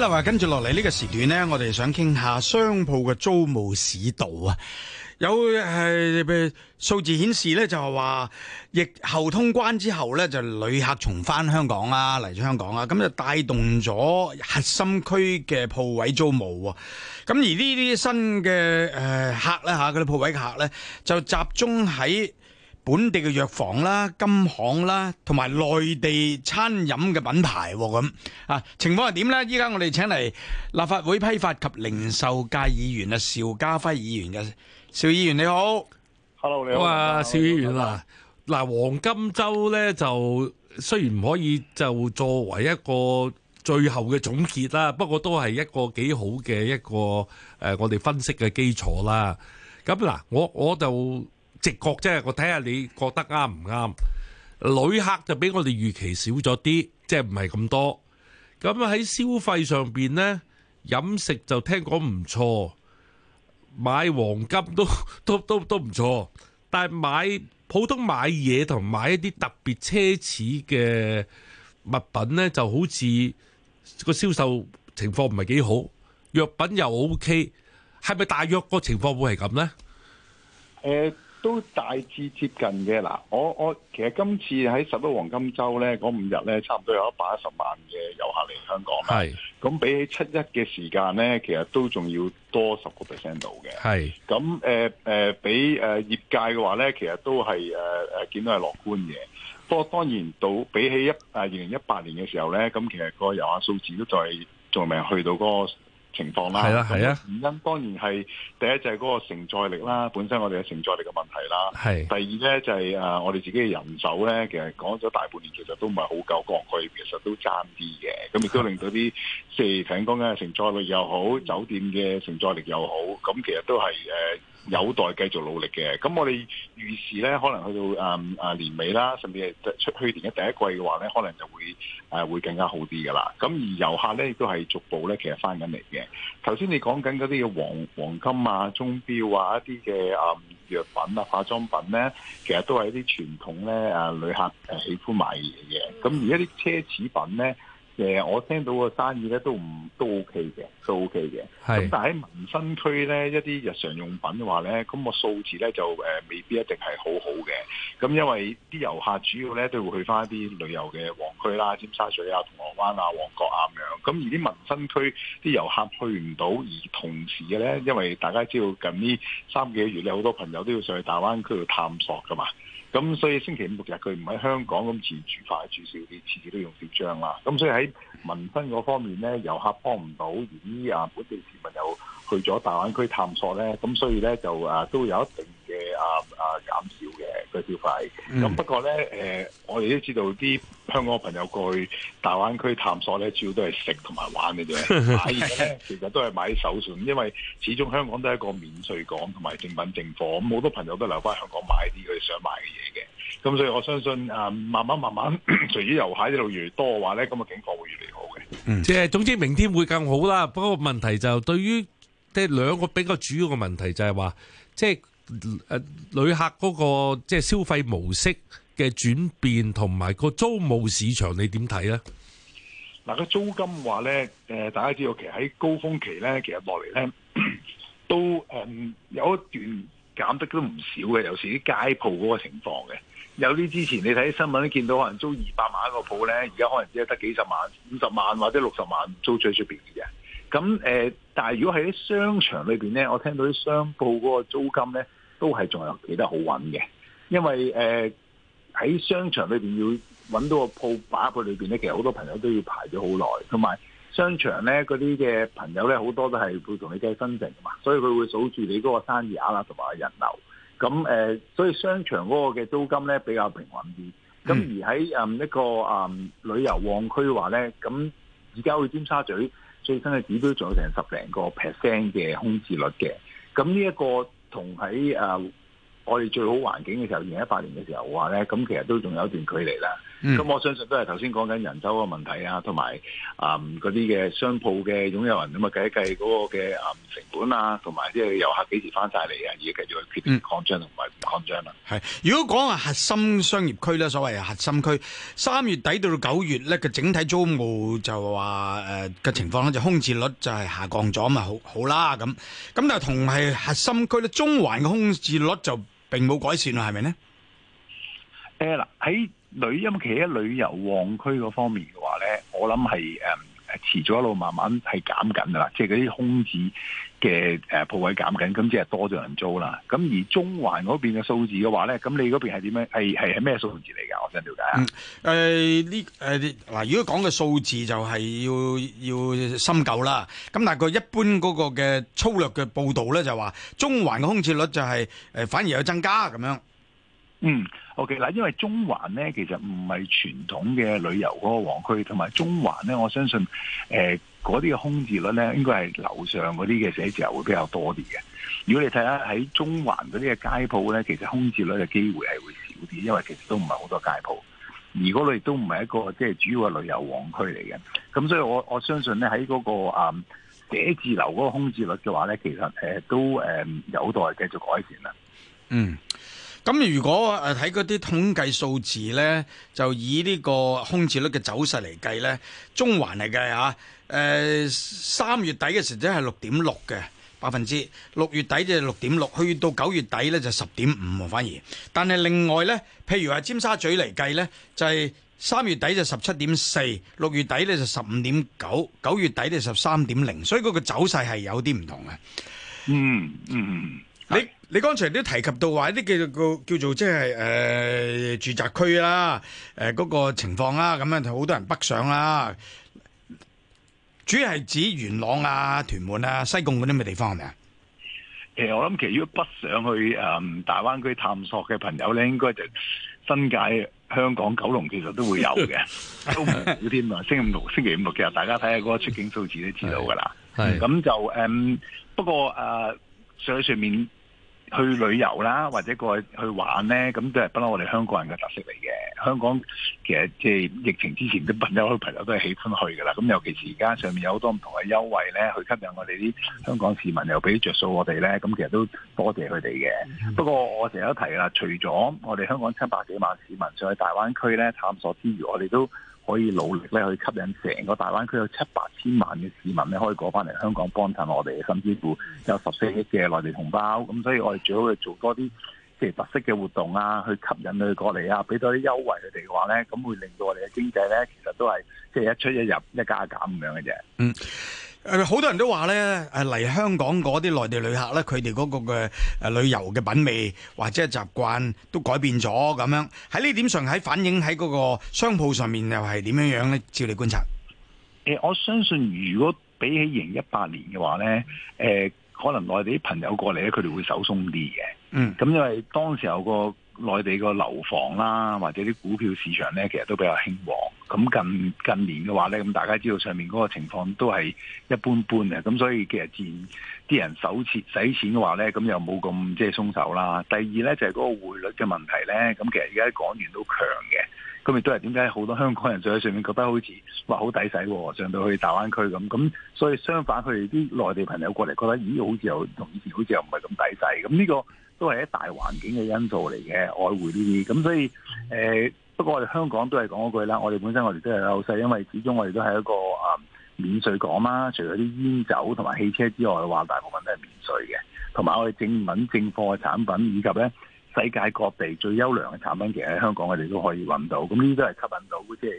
咁跟住落嚟呢個時段呢，我哋想傾下商鋪嘅租務市道啊。有係數字顯示呢，就係話疫後通關之後呢，就旅客重返香港啦，嚟咗香港啊，咁就帶動咗核心區嘅鋪位租務。咁而呢啲新嘅誒、呃、客呢，吓，嗰啲鋪位客呢，就集中喺。本地嘅藥房啦、金行啦，同埋內地餐飲嘅品，品牌咁啊，情況係點呢？依家我哋請嚟立法會批發及零售界議員啊，邵家輝議員嘅邵議員你好，hello 你好啊，邵、啊、議員啊，嗱、啊、黃金周呢，就雖然唔可以就作為一個最後嘅總結啦，不過都係一個幾好嘅一個誒、呃，我哋分析嘅基礎啦。咁嗱，我我就。直覺，即係我睇下你覺得啱唔啱？旅客就比我哋預期少咗啲，即係唔係咁多。咁喺消費上邊呢，飲食就聽講唔錯，買黃金都都都唔錯。但係買普通買嘢同買一啲特別奢侈嘅物品呢，就好似個銷售情況唔係幾好。藥品又 OK，係咪大約個情況會係咁呢？誒、嗯。都大致接近嘅嗱，我我其實今次喺十一黃金週咧，嗰五日咧，差唔多有一百一十萬嘅遊客嚟香港啦。係，咁比起七一嘅時間咧，其實都仲要多十個 percent 到嘅。係，咁誒誒，比誒、呃、業界嘅話咧，其實都係誒誒，見到係樂觀嘅。不過當然到比起一誒二零一八年嘅時候咧，咁其實個遊客數字都再仲未去到嗰、嗰個。情況啦，咁、那個、原因當然係第一就係嗰個承載力啦，本身我哋嘅承載力嘅問題啦。係，第二咧就係、是、誒、呃、我哋自己嘅人手咧，其實講咗大半年其，其實都唔係好夠過去，嗯、的其實都爭啲嘅，咁亦都令到啲即係艇工嘅承載力又好，酒店嘅承載力又好，咁其實都係誒。有待繼續努力嘅，咁我哋預示咧，可能去到誒誒、嗯、年尾啦，甚至係出去年嘅第一季嘅話咧，可能就會誒、啊、會更加好啲噶啦。咁而遊客咧亦都係逐步咧，其實翻緊嚟嘅。頭先你講緊嗰啲嘅黃黃金啊、鐘錶啊、一啲嘅誒藥品啊、化妝品咧，其實都係一啲傳統咧，啊旅客誒喜歡買嘅嘢。咁、嗯、而一啲奢侈品咧。誒，我聽到個生意咧都唔都 OK 嘅，都 OK 嘅。咁、係、但喺民生區咧，一啲日常用品嘅話咧，咁個數字咧就誒未必一定係好好嘅。咁因為啲遊客主要咧都會去返一啲旅遊嘅旺區啦，尖沙咀啊、銅鑼灣啊、旺角啊咁樣。咁而啲民生區啲遊客去唔到，而同時嘅咧，因為大家知道近呢三幾個月咧，好多朋友都要上去大灣區度探索噶嘛。咁所以星期五六日佢唔喺香港咁，自住快住少啲，次次都用小張啦。咁所以喺民生嗰方面咧，遊客幫唔到，而呢啊本地市民又，去咗大灣區探索咧，咁所以咧就啊都有一定嘅啊啊減少嘅個消費。咁、嗯、不過咧，誒、呃、我哋都知道啲香港嘅朋友過去大灣區探索咧，主要都係食同埋玩嘅啫。 買嘢咧其實都係買手信，因為始終香港都係一個免稅港同埋正品正貨。咁好多朋友都留翻香港買啲佢想買嘅嘢嘅。咁所以我相信啊，慢慢慢慢隨住 遊客一路越嚟多嘅話咧，咁嘅境況會越嚟越好嘅。即、嗯、係總之明天會更好啦。不過問題就對於。即係兩個比較主要嘅問題就係話，即係誒旅客嗰、那個即係、就是、消費模式嘅轉變，同埋個租務市場你點睇咧？嗱、那，個租金話咧，誒、呃，大家知道其實喺高峰期咧，其實落嚟咧都誒、呃、有一段減得都唔少嘅，尤其啲街鋪嗰個情況嘅。有啲之前你睇新聞都見到可能租二百萬一個鋪咧，而家可能只係得幾十萬、五十萬或者六十萬租最出邊嘅咁誒、呃，但係如果喺商場裏邊咧，我聽到啲商鋪嗰個租金咧，都係仲有幾得好穩嘅，因為誒喺、呃、商場裏邊要揾到個鋪把佢裏邊咧，其實好多朋友都要排咗好耐，同埋商場咧嗰啲嘅朋友咧，好多都係會同你計分成噶嘛，所以佢會數住你嗰個生意額啦同埋人流。咁誒、呃，所以商場嗰個嘅租金咧比較平穩啲。咁而喺誒一個誒旅遊旺區嘅話咧，咁而家去尖沙咀。最新嘅指標仲有成十零個 percent 嘅空置率嘅，咁呢一個同喺誒我哋最好環境嘅時候，二零一八年嘅時候話咧，咁其實都仲有一段距離啦。咁、嗯嗯、我相信都係頭先講緊人手嘅問題啊，同埋啊嗰啲嘅商鋪嘅擁有人咁啊計一計嗰個嘅啊成本啊，同埋啲遊客幾時翻晒嚟啊，而家繼續去決定擴張同埋唔擴張啊。係、嗯、如果講話核心商業區咧，所謂核心區，三月底到到九月咧個整體租務就話誒嘅情況咧，就空置率就係下降咗啊嘛，好好啦咁。咁但係同係核心區咧，中環嘅空置率就並冇改善啊，係咪呢？誒嗱喺旅遊其實旅遊旺區嗰方面嘅話咧，我諗係誒遲早一路慢慢係減緊啊，即係嗰啲空置嘅誒鋪位減緊，咁即係多咗人租啦。咁而中環嗰邊嘅數字嘅話咧，咁你嗰邊係點樣？係係係咩數字嚟㗎？我想了解下。誒呢誒嗱，如果講嘅數字就係要要深究啦。咁但係佢一般嗰個嘅粗略嘅報導咧就話，中環嘅空置率就係、是、誒、呃、反而有增加咁樣。嗯，OK 嗱，因為中環咧，其實唔係傳統嘅旅遊嗰個旺區，同埋中環咧，我相信誒嗰啲嘅空置率咧，應該係樓上嗰啲嘅寫字樓會比較多啲嘅。如果你睇下喺中環嗰啲嘅街鋪咧，其實空置率嘅機會係會少啲，因為其實都唔係好多街鋪，而嗰度亦都唔係一個即係、就是、主要嘅旅遊旺區嚟嘅。咁所以我我相信咧喺嗰個誒寫、嗯、字樓嗰個空置率嘅話咧，其實誒、呃、都誒有待繼續改善啦。嗯。咁如果誒睇嗰啲統計數字呢，就以呢個空置率嘅走勢嚟計呢，中環嚟計吓，誒、呃、三月底嘅時真係六點六嘅百分之，六月底就六點六，去到九月底呢就十點五喎，反而。但係另外呢，譬如話尖沙咀嚟計呢，就係、是、三月底就十七點四，六月底呢就十五點九，九月底呢十三點零，所以嗰個走勢係有啲唔同嘅。嗯嗯嗯，你剛才都提及到話一啲叫做叫做即係誒住宅區啦，誒、呃、嗰、那個情況啦，咁樣就好多人北上啦，主要係指元朗啊、屯門啊、西貢嗰啲咁嘅地方係咪啊？誒，其實我諗其實如果北上去誒、呃、大灣區探索嘅朋友咧，應該就新界香港九龍其實都會有嘅， 都唔少添啊！星期五六， 星期五六其實大家睇下嗰個出境數字都知道㗎啦。係 咁就誒、呃，不過誒、呃、上去上去面。去旅遊啦，或者過去去玩呢，咁都係不嬲我哋香港人嘅特色嚟嘅。香港其實即係疫情之前，都朋友好多朋友都係喜歡去㗎喇。咁尤其是而家上面有好多唔同嘅優惠呢，去吸引我哋啲香港市民又俾着數我哋呢。咁其實都多謝佢哋嘅。不過我成日都提啦，除咗我哋香港七百幾萬市民上去大灣區呢探索之餘，我哋都，可以努力咧，去吸引成個大灣區有七八千萬嘅市民咧，可以過翻嚟香港幫襯我哋，甚至乎有十四億嘅內地同胞。咁所以我哋最好去做多啲即係特色嘅活動啊，去吸引佢哋過嚟啊，俾多啲優惠佢哋嘅話咧，咁會令到我哋嘅經濟咧，其實都係即係一出一入一加減咁樣嘅啫。嗯。好多人都話咧，誒嚟香港嗰啲內地旅客咧，佢哋嗰個嘅旅遊嘅品味或者係習慣都改變咗咁樣。喺呢點上，喺反映喺嗰個商鋪上面又係點樣樣咧？照你觀察，欸，我相信如果比起二零一八年嘅話咧，呃，可能內地啲朋友過嚟咧，佢哋會手鬆啲嘅。嗯，咁因為當時有個。內地個樓房啦，或者啲股票市場咧，其實都比較興旺。咁近近年嘅話咧，咁大家知道上面嗰個情況都係一般般嘅。咁所以其實自然啲人手洗錢使錢嘅話咧，咁又冇咁即係鬆手啦。第二咧就係、是、嗰個匯率嘅問題咧，咁其實而家喺港元都強嘅。咁亦都係點解好多香港人上喺上面覺得好似話好抵使喎，上到去大灣區咁咁，所以相反佢哋啲內地朋友過嚟覺得，咦，好似又同以前好似又唔係咁抵使。咁呢個都係一大環境嘅因素嚟嘅，外匯呢啲。咁所以誒、呃，不過我哋香港都係講嗰句啦，我哋本身我哋都係優勢，因為始終我哋都係一個啊、嗯、免稅港啦，除咗啲煙酒同埋汽車之外，話大部分都係免稅嘅，同埋我哋正品正貨嘅產品，以及咧。世界各地最優良嘅產品，其實喺香港我哋都可以揾到，咁呢啲都係吸引到即係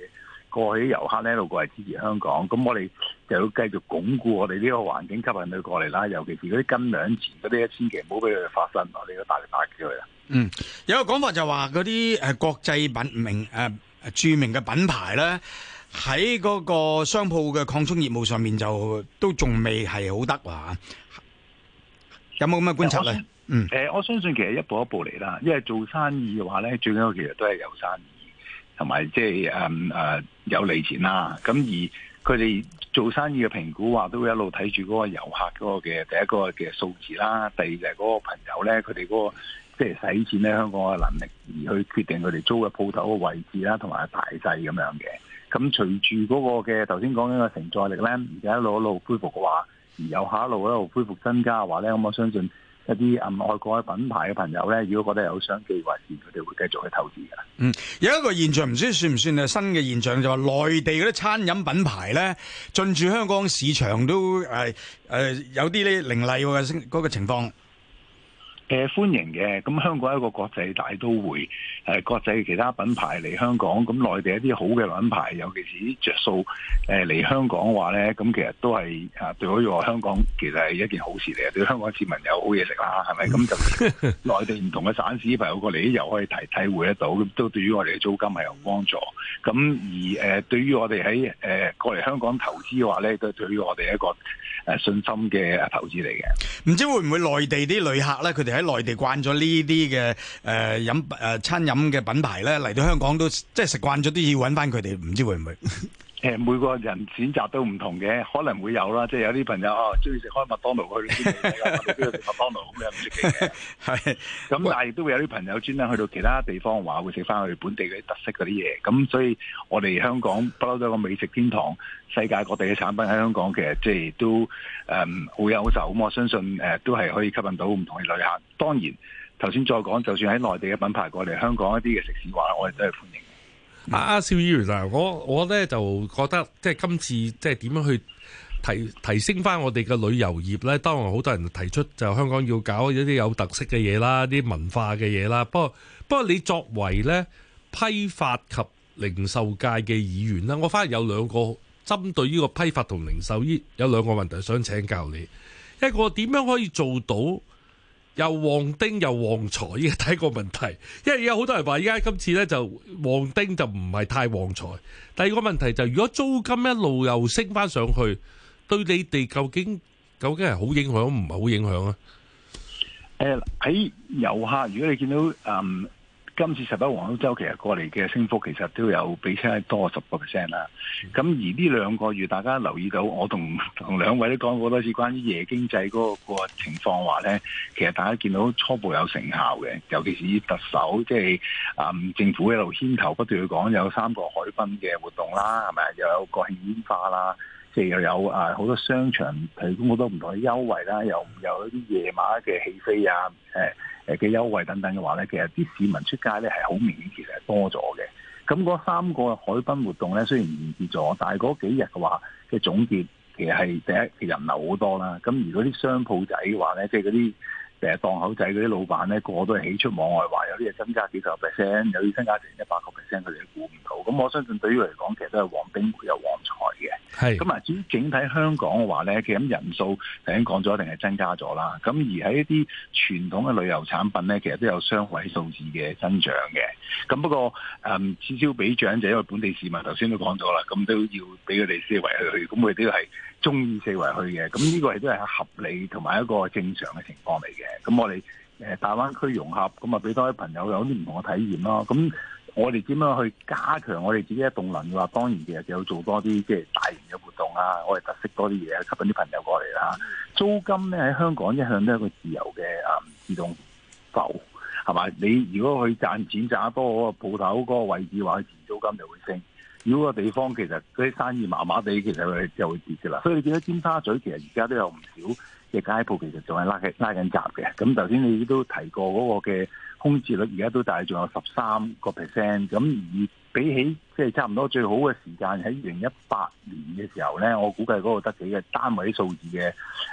過去啲遊客呢一路過嚟支持香港。咁我哋就要繼續鞏固我哋呢個環境，吸引佢過嚟啦。尤其是嗰啲斤兩錢嗰啲，千祈唔好俾佢發生，我哋要大力打擊佢啦。嗯，有個講法就話嗰啲誒國際品名誒、呃、著名嘅品牌咧，喺嗰個商鋪嘅擴充業務上面就都仲未係好得話，有冇咁嘅觀察咧？嗯嗯，誒，我相信其實一步一步嚟啦，因為做生意嘅話咧，最緊要其實都係有生意，同埋即係誒誒有利錢啦。咁而佢哋做生意嘅評估話，都會一路睇住嗰個遊客嗰個嘅第一個嘅數字啦，第二就係嗰個朋友咧，佢哋嗰個即係使錢咧，香港嘅能力而去決定佢哋租嘅鋪頭個位置啦，同埋大細咁樣嘅。咁隨住嗰個嘅頭先講緊個承載力咧，而家一路一路恢復嘅話，而遊客一路一路恢復增加嘅話咧，咁我相信。一啲嗯外國嘅品牌嘅朋友咧，如果覺得有商機，或者佢哋會繼續去投資㗎。嗯，有一個現象唔知算唔算係新嘅現象，就係、是、內地嗰啲餐飲品牌咧，進駐香港市場都誒、呃呃、有啲咧凌厲嘅嗰、那個情況。誒、呃，歡迎嘅，咁、嗯、香港一個國際大都會，誒、呃，國際其他品牌嚟香港，咁、嗯、內地一啲好嘅品牌，尤其是啲着數，誒、呃，嚟香港嘅話咧，咁、嗯、其實都係吓、呃，對於我香港，其實係一件好事嚟，對香港市民有好嘢食啦，係咪？咁、嗯、 就內地唔同嘅省市朋友過嚟，又可以體體會得到，咁都對於我哋嘅租金係有幫助。咁、嗯、而誒、呃，對於我哋喺誒過嚟香港投資嘅話咧，都對於我哋一個。誒、啊，信心嘅投資嚟嘅。唔知會唔會內地啲旅客咧，佢哋喺內地慣咗呢啲嘅誒飲誒、呃、餐飲嘅品牌咧，嚟到香港都即係食慣咗，都要搵翻佢哋，唔知會唔會？ 誒，每個人選擇都唔同嘅，可能會有啦。即係有啲朋友啊，中意食開麥當勞，去邊度食麥當勞咁樣唔出奇嘅。係，咁 但係亦都會有啲朋友專登去到其他地方話，會食翻佢本地嗰啲特色嗰啲嘢。咁所以我哋香港不嬲都係個美食天堂，世界各地嘅產品喺香港其實即係都誒、嗯、好有受。咁我相信誒都係可以吸引到唔同嘅旅客。當然頭先再講，就算喺內地嘅品牌過嚟香港一啲嘅食肆話，我哋都係歡迎。阿、啊、邵議員、啊，嗱，我我咧，就覺得即係今次即係點樣去提提升翻我哋嘅旅遊業咧？當然好多人提出就香港要搞一啲有特色嘅嘢啦，啲文化嘅嘢啦。不過不過，你作為咧，批發及零售界嘅議員啦，我反而有兩個針對呢個批發同零售業有兩個問題想請教你。一個點樣可以做到？又旺丁又旺財，呢個第一個問題。因為有好多人話，而家今次呢，就旺丁就唔係太旺財。第二個問題就係如果租金一路又升翻上去，對你哋究竟究竟係好影響唔係好影響啊？喺、呃、遊客，如果你見到誒。嗯今次十一黃金周其實過嚟嘅升幅其實都有比先多十個 percent 啦。咁而呢兩個月，大家留意到我同同兩位都講過多次關於夜經濟嗰、嗰個情況的話咧，其實大家見到初步有成效嘅，尤其是特首即係啊、嗯，政府喺度牽頭不斷去講有三個海濱嘅活動啦，係咪又有國慶煙花啦，即係又有啊好多商場提供好多唔同嘅優惠啦，又有啲夜晚嘅起飛啊，誒。誒嘅優惠等等嘅話咧，其實啲市民出街咧，係好明顯其實多咗嘅。咁嗰三個海濱活動咧，雖然唔跌咗，但係嗰幾日嘅話嘅總結其實係第一，其實人流好多啦。咁如果啲商鋪仔嘅話咧，即係嗰啲誒檔口仔嗰啲老闆咧，個個都係喜出望外，話有啲係增加幾十 percent，有啲增加成一百個 percent，佢哋估唔到。咁我相信對於嚟講，其實都係旺丁沒有旺財。係咁啊！至於整體香港嘅話咧，其實咁人數頭先講咗，一定係增加咗啦。咁而喺一啲傳統嘅旅遊產品咧，其實都有雙位數字嘅增長嘅。咁不過誒、嗯，至少俾獎就因為本地市民頭先都講咗啦，咁都要俾佢哋四圍去，咁佢哋都係中意四圍去嘅。咁呢個亦都係合理同埋一個正常嘅情況嚟嘅。咁我哋、呃、大灣區融合，咁啊俾多啲朋友有啲唔同嘅體驗咯。咁。我哋點樣去加強我哋自己嘅動能嘅話，當然其實就要做多啲即係大型嘅活動啊！我哋特色多啲嘢吸引啲朋友過嚟啦。租金咧，喺香港一向都係一個自由嘅啊、嗯，自動浮係嘛？你如果去賺錢賺得多，嗰個鋪頭嗰個位置話佢自租金就會升；如果個地方其實嗰啲生意麻麻地，其實佢就會跌嘅啦。所以你見到尖沙咀其實而家都有唔少嘅街鋪，其實仲係拉係拉緊閘嘅。咁頭先你都提過嗰個嘅。空置率而家都大，仲有十三個 percent。咁而比起即係差唔多最好嘅時間喺二零一八年嘅時候咧，我估計嗰個得幾嘅單位數字嘅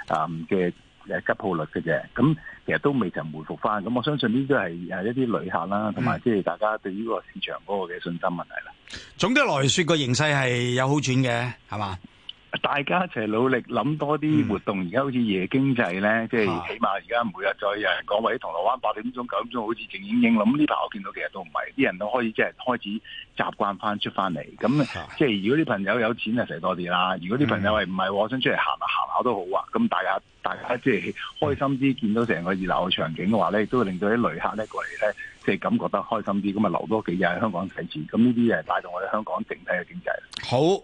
啊嘅誒吉鋪率嘅啫。咁其實都未曾回復翻。咁我相信呢啲係誒一啲旅客啦，同埋即係大家對於個市場嗰個嘅信心問題啦、嗯。總的來說，個形勢係有好轉嘅，係嘛？大家一齊努力，諗多啲活動。而、嗯、家好似夜經濟咧，即、就、係、是、起碼而家每日再有人講，或者銅鑼灣八點鐘、九點鐘好似靜影影。咁呢排我見到其實都唔係，啲人都開始即係開始習慣翻出翻嚟。咁、啊、即係如果啲朋友有錢就就多啲啦。如果啲朋友係唔係我想出嚟行下行下都好啊。咁大家、嗯、大家即係開心啲，見到成個熱鬧嘅場景嘅話咧，都會令到啲旅客咧過嚟咧，即、就、係、是、感覺得開心啲。咁啊留多幾日喺香港睇住，咁呢啲嘢帶動我哋香港整體嘅經濟。好。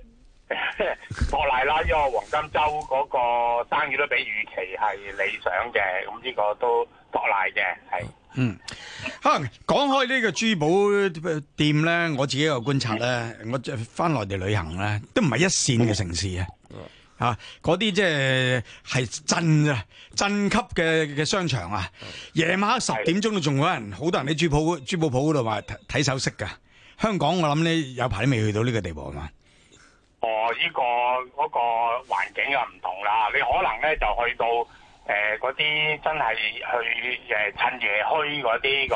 係啦，因為黃金周嗰個生意都比預期係理想嘅，咁呢個都不賴嘅，係。嗯，哼，講開呢個珠寶店咧，我自己有觀察咧、嗯，我翻內地旅行咧，都唔係一綫嘅城市，嗯、啊、吓、就是，嗰啲即係係鎮啊，鎮級嘅嘅商場啊，夜、嗯、晚黑十點鐘都仲有人，好多人喺珠寶珠寶鋪嗰度買睇睇首飾噶。香港我諗你有排都未去到呢個地步啊嘛。哦，呢、這個嗰、那個環境又唔同啦，你可能咧就去到誒嗰啲真係去誒、啊、趁夜墟嗰啲咁，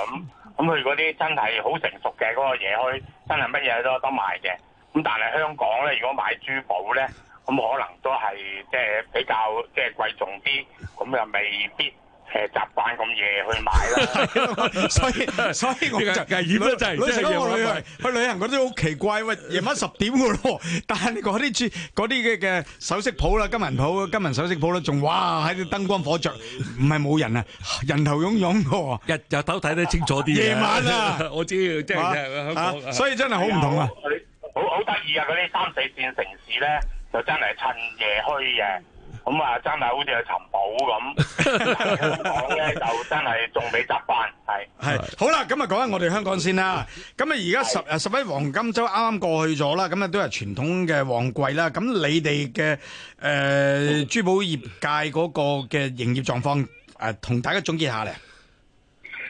咁、嗯、去嗰啲真係好成熟嘅嗰、那個夜墟，真係乜嘢都有得賣嘅。咁、嗯、但係香港咧，如果買珠寶咧，咁、嗯、可能都係即係比較即係貴重啲，咁、嗯、又未必。誒，習慣咁夜去買啦， 所以所以我成日夜就旅去旅行。去旅行覺好奇怪，喂，夜晚十點噶咯，但係你嗰啲嗰啲嘅嘅首飾鋪啦、金銀鋪、金銀首飾鋪啦，仲哇喺啲燈光火着，唔係冇人啊，人頭湧湧喎，日日都睇得清楚啲。夜晚啊， 我知，真、就、係、是就是、 所以真係好唔同啊，好好得意啊！嗰啲、啊 啊、 三四線城市咧，就真係趁夜墟嘅、啊。咁啊，真係好似去尋寶咁講咧，就真係仲未習慣，係係好啦，咁啊講下我哋香港先啦。咁啊，而家十啊十一黃金周啱啱過去咗啦，咁啊都係傳統嘅旺季啦。咁你哋嘅誒珠寶業界嗰個嘅營業狀況，誒同大家總結下咧。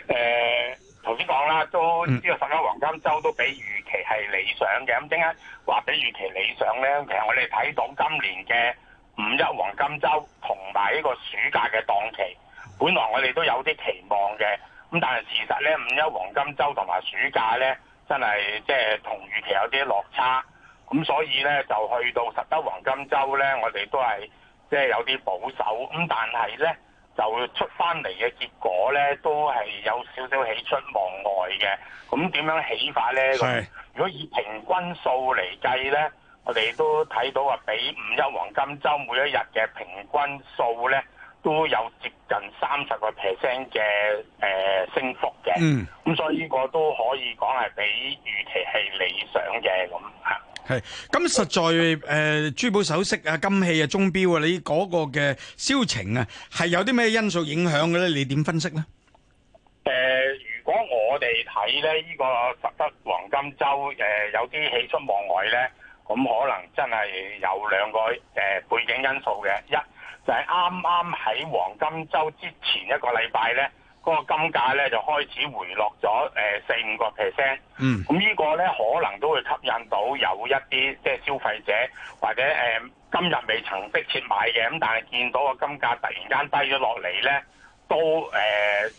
誒頭先講啦，都呢個十一黃金周都比預期係理想嘅。咁點解話比預期理想咧？其實我哋睇到今年嘅。五一黃金周同埋呢個暑假嘅檔期，本來我哋都有啲期望嘅，咁但係事實咧，五一黃金周同埋暑假咧，真係即係同預期有啲落差，咁所以咧就去到十一黃金周咧，我哋都係即係有啲保守，咁但係咧就出翻嚟嘅結果咧，都係有少少喜出望外嘅，咁點樣起法咧？如果以平均數嚟計咧？我哋都睇到啊，比五一黃金周每一日嘅平均數咧，都有接近三十個 percent 嘅誒升幅嘅。嗯，咁所以呢個都可以講係比預期係理想嘅咁嚇。係，咁實在誒，珠寶首飾啊、金器啊、鐘錶啊，你嗰個嘅銷情啊，係有啲咩因素影響嘅咧？你點分析咧？誒，如果我哋睇咧，呢個十一黃金周、呃、有啲喜出望外咧。咁可能真係有兩個、呃、背景因素嘅，一就係啱啱喺黃金周之前一個禮拜咧，嗰個金價咧就開始回落咗四五個 percent。嗯，咁呢個咧可能都會吸引到有一啲即係消費者或者誒、呃、今日未曾迫切買嘅，咁但係見到個金價突然間低咗落嚟咧，都誒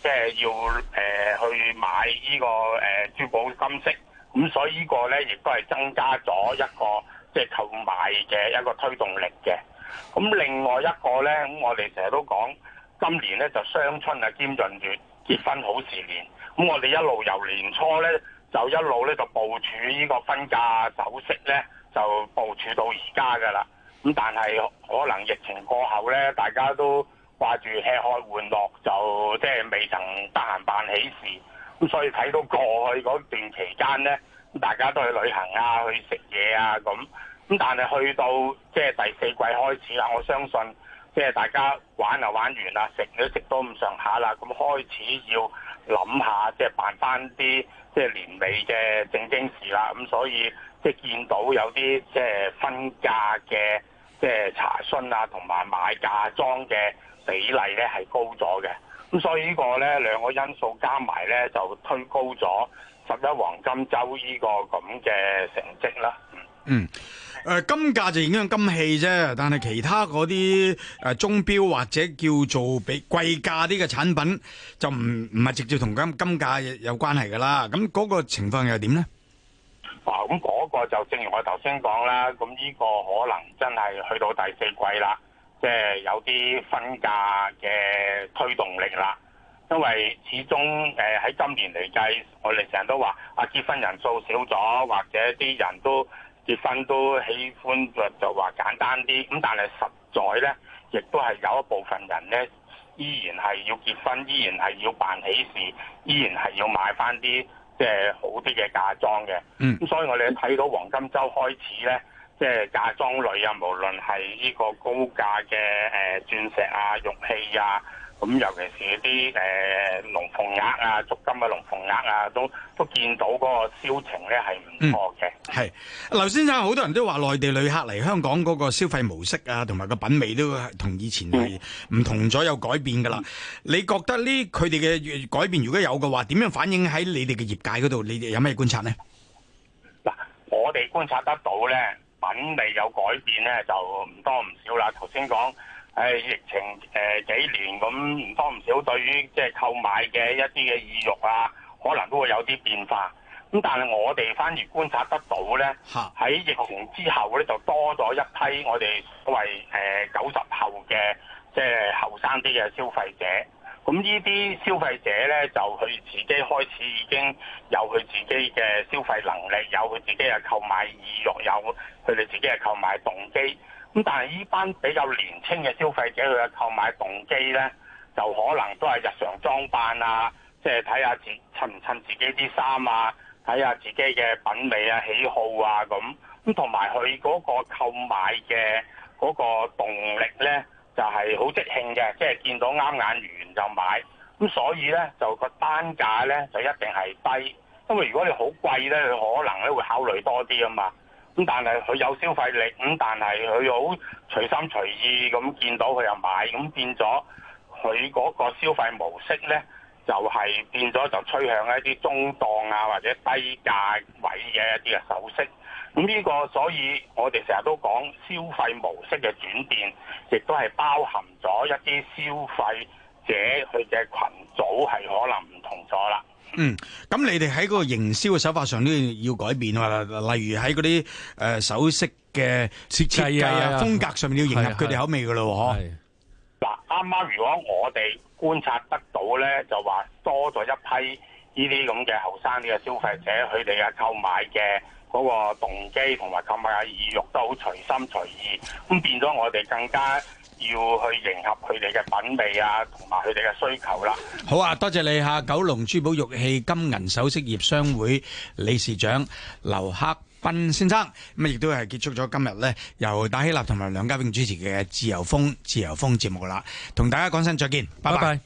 即係要誒、呃、去買呢個誒、呃、珠寶金飾。咁、嗯、所以這個呢個咧，亦都係增加咗一個即係購買嘅一個推動力嘅。咁、嗯、另外一個咧，咁、嗯、我哋成日都講，今年咧就雙春啊，兼閏月結婚好時年。咁、嗯、我哋一路由年初咧就一路咧就部署個呢個婚嫁首飾咧，就部署到而家噶啦。咁、嗯、但係可能疫情過後咧，大家都掛住吃喝玩樂，就即係未曾得閒辦喜事。咁所以睇到過去嗰段期間咧，大家都去旅行啊，去食嘢啊，咁咁但係去到即係第四季開始啦，我相信即係大家玩就玩完啦，食都食到咁上下啦，咁開始要諗下即係、就是、辦翻啲即係年尾嘅正經事啦。咁所以即係見到有啲即係分價嘅即係查詢啊，同埋買嫁妝嘅比例咧係高咗嘅。咁所以這個呢個咧，兩個因素加埋咧，就推高咗十一黃金周呢個咁嘅成績啦。嗯，誒、呃，金價就影響金器啫，但係其他嗰啲誒鐘表或者叫做比貴價啲嘅產品就，就唔唔係直接同金金價有關係噶啦。咁嗰個情況又點咧？嗱、啊，咁、嗯、嗰、那個就正如我頭先講啦，咁呢個可能真係去到第四季啦。即係有啲婚嫁嘅推動力啦，因為始終誒喺今年嚟計，我哋成日都話啊結婚人數少咗，或者啲人都結婚都喜歡就就話簡單啲。咁但係實在咧，亦都係有一部分人咧依然係要結婚，依然係要辦喜事，依然係要買翻啲即係好啲嘅嫁妝嘅。嗯，咁所以我哋睇到黃金周開始咧。即係嫁妝類啊，無論係呢個高價嘅誒鑽石啊、玉器啊，咁、嗯、尤其是啲誒龍鳳鈪啊、足金嘅龍鳳鈪啊，都都見到嗰個銷情咧係唔錯嘅。係，劉先生，好多人都話內地旅客嚟香港嗰個消費模式啊，同埋個品味都同以前係唔同咗，有改變噶啦，嗯。你覺得呢？佢哋嘅改變如果有嘅話，點樣反映喺你哋嘅業界嗰度？你哋有咩觀察呢？嗱，我哋觀察得到咧。品味有改變咧，就唔多唔少啦。頭先講誒疫情誒、呃、幾年咁唔多唔少，對於即係購買嘅一啲嘅意欲啊，可能都會有啲變化。咁但係我哋反而觀察得到咧，喺疫情之後咧，就多咗一批我哋所謂誒九十後嘅即係後生啲嘅消費者。咁呢啲消費者咧，就佢自己開始已經有佢自己嘅消費能力，有佢自己嘅購買意欲，有佢哋自己嘅購買動機。咁但係呢班比較年輕嘅消費者，佢嘅購買動機咧，就可能都係日常裝扮啊，即係睇下自己襯唔襯自己啲衫啊，睇下自己嘅品味啊、喜好啊咁。咁同埋佢嗰個購買嘅嗰個動力咧。就係、是、好即興嘅，即、就、係、是、見到啱眼緣就買，咁所以呢，就個單價呢就一定係低，因為如果你好貴呢，佢可能咧會考慮多啲啊嘛，咁但係佢有消費力，咁但係佢好隨心隨意咁見到佢又買，咁變咗佢嗰個消費模式呢，就係、是、變咗就趨向一啲中檔啊或者低價位嘅一啲嘅首飾。咁、這、呢個，所以我哋成日都講消費模式嘅轉變，亦都係包含咗一啲消費者佢嘅群組係可能唔同咗啦。嗯，咁你哋喺嗰個營銷嘅手法上都要改變啊、嗯，例如喺嗰啲誒首飾嘅設計啊，設計啊風格上面，要迎合佢哋口味噶咯，嗬、嗯。嗱，啱啱如果我哋觀察得到咧，就話多咗一批呢啲咁嘅後生嘅消費者，佢哋嘅購買嘅。嗰個動機同埋購買意欲都好隨心隨意，咁變咗我哋更加要去迎合佢哋嘅品味啊，同埋佢哋嘅需求啦。好啊，多謝你嚇，九龍珠寶玉器金銀首飾業商會理事長劉克斌先生，咁啊，亦都係結束咗今日呢，由戴希立同埋梁家永主持嘅自由風自由風節目啦，同大家講聲再見，拜拜。